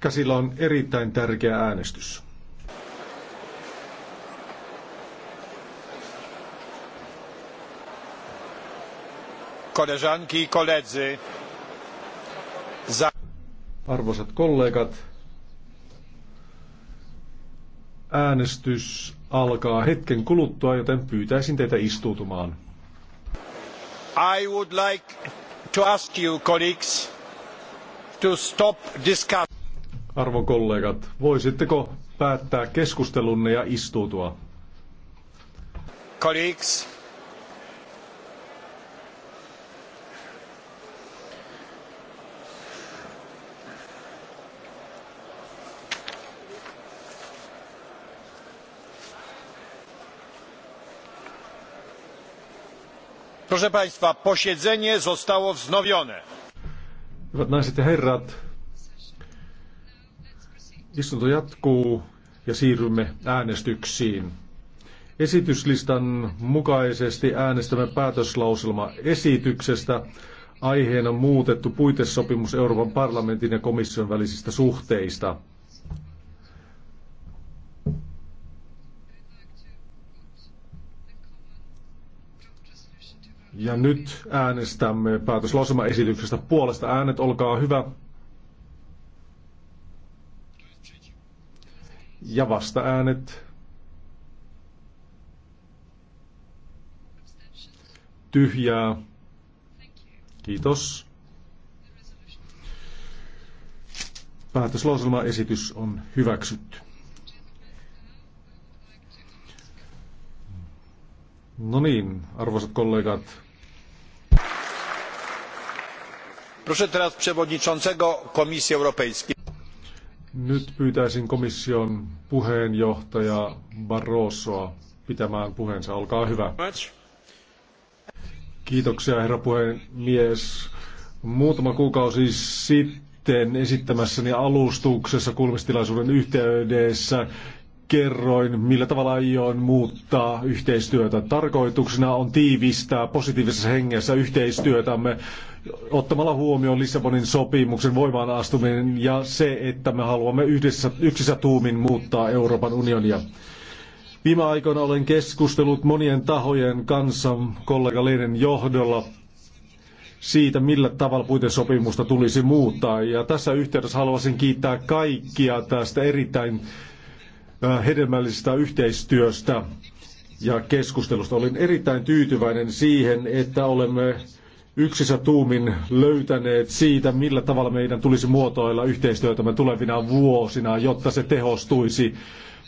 Käsillä on erittäin tärkeä äänestys. Koleżanki i koledzy. Arvoisat kollegat, äänestys alkaa hetken kuluttua, joten pyytäisin teitä istuutumaan. I would like to ask you, colleagues, to stop discussing. Arvon kollegat, voisitteko päättää keskustelunne ja istuutua? Colleagues. Proszę Państwa, posiedzenie zostało wznowione. Hyvät naiset ja herrat, Istunto jatkuu ja siirrymme äänestyksiin. Esityslistan mukaisesti äänestämme päätöslauselma esityksestä aiheena muutettu puitesopimus Euroopan parlamentin ja komission välisistä suhteista. Ja nyt äänestämme päätöslauselma esityksestä puolesta äänet, olkaa hyvä. Ja vastaäänet. Tyhjää. Kiitos. Päätöslauselmaesitys on hyväksytty. No niin, arvoisat kollegat. Proszę teraz przewodniczącego Komisji Europejskiej. Nyt pyytäisin komission puheenjohtaja Barrosoa pitämään puheensa. Olkaa hyvä. Kiitoksia, herra puhemies. Muutama kuukausi sitten esittämässäni alustuksessa kulmistilaisuuden yhteydessä kerroin, millä tavalla aion muuttaa yhteistyötä. Tarkoituksena on tiivistää positiivisessa hengessä yhteistyötämme ottamalla huomioon Lissabonin sopimuksen voimaan astuminen ja se, että me haluamme yhdessä, yksissä tuumin muuttaa Euroopan unionia. Viime aikoina olen keskustellut monien tahojen kanssa kollega Leinen johdolla siitä, millä tavalla puitesopimusta tulisi muuttaa. Ja tässä yhteydessä haluaisin kiittää kaikkia tästä erittäin Äh, hedelmällisestä yhteistyöstä ja keskustelusta. Olin erittäin tyytyväinen siihen, että olemme yksissä tuumin löytäneet siitä, millä tavalla meidän tulisi muotoilla yhteistyötämme tulevina vuosina, jotta se tehostuisi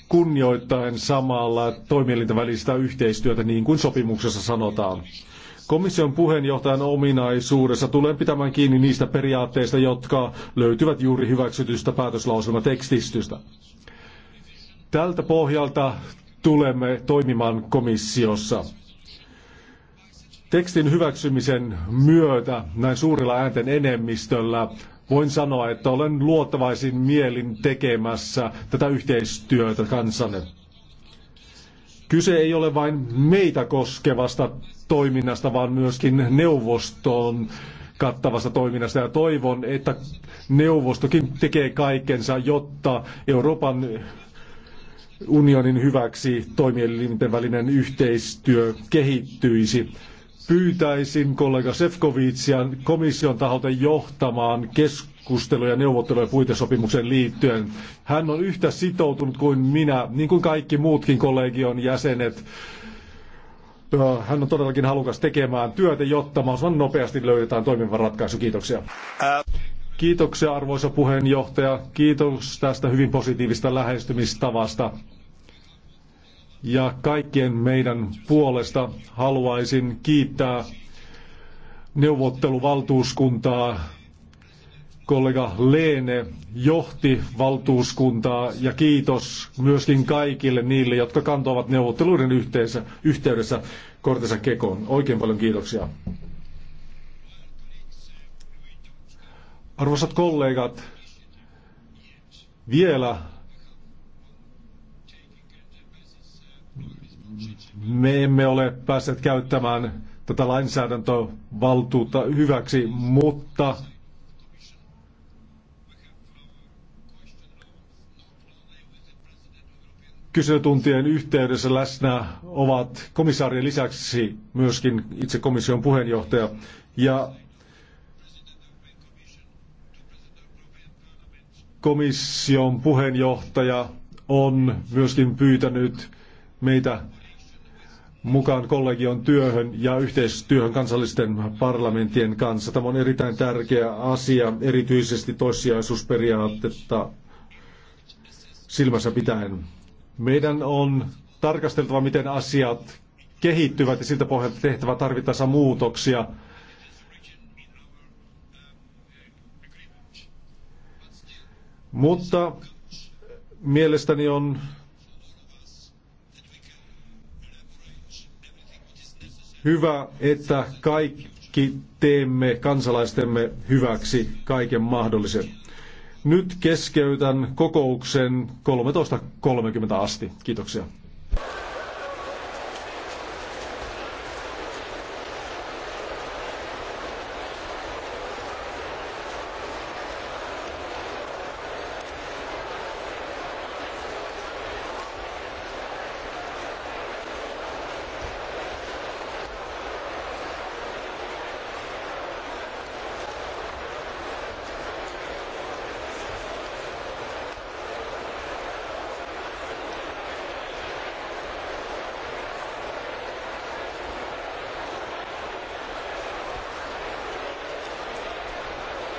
kunnioittaen samalla toimielintä välistä yhteistyötä, niin kuin sopimuksessa sanotaan. Komission puheenjohtajan ominaisuudessa tulen pitämään kiinni niistä periaatteista, jotka löytyvät juuri hyväksytystä päätöslauselmatekstistystä. Tältä pohjalta tulemme toimimaan komissiossa. Tekstin hyväksymisen myötä näin suurilla äänten enemmistöllä voin sanoa, että olen luottavaisin mielin tekemässä tätä yhteistyötä kansanne. Kyse ei ole vain meitä koskevasta toiminnasta, vaan myöskin neuvoston kattavasta toiminnasta ja toivon, että neuvostokin tekee kaikkensa, jotta Euroopan unionin hyväksi toimielinten välinen yhteistyö kehittyisi. Pyytäisin kollega Sefkovitsia komission taholta johtamaan keskusteluja ja neuvotteluja puitesopimukseen liittyen. Hän on yhtä sitoutunut kuin minä, niin kuin kaikki muutkin kollegion jäsenet. Hän on todellakin halukas tekemään työtä, jotta mahdollisimman nopeasti löydetään toimiva ratkaisu. Kiitoksia. Kiitoksia arvoisa puheenjohtaja. Kiitos tästä hyvin positiivista lähestymistavasta ja kaikkien meidän puolesta haluaisin kiittää neuvotteluvaltuuskuntaa. Kollega Leene johti valtuuskuntaa ja kiitos myöskin kaikille niille, jotka kantoivat neuvotteluiden yhteensä, yhteydessä kortensa kekoon. Oikein paljon kiitoksia. Arvoisat kollegat, vielä me emme ole päässeet käyttämään tätä lainsäädäntövaltuutta hyväksi, mutta kyselytuntien yhteydessä läsnä ovat komissaarien lisäksi myöskin itse komission puheenjohtaja. Ja komission puheenjohtaja on myöskin pyytänyt meitä mukaan kollegion työhön ja yhteistyöhön kansallisten parlamenttien kanssa. Tämä on erittäin tärkeä asia, erityisesti toissijaisuusperiaatetta silmässä pitäen. Meidän on tarkasteltava, miten asiat kehittyvät ja siltä pohjalta tehtävä tarvittaessa muutoksia. Mutta mielestäni on hyvä, että kaikki teemme kansalaistemme hyväksi kaiken mahdollisen. Nyt keskeytän kokouksen 13.30 asti. Kiitoksia.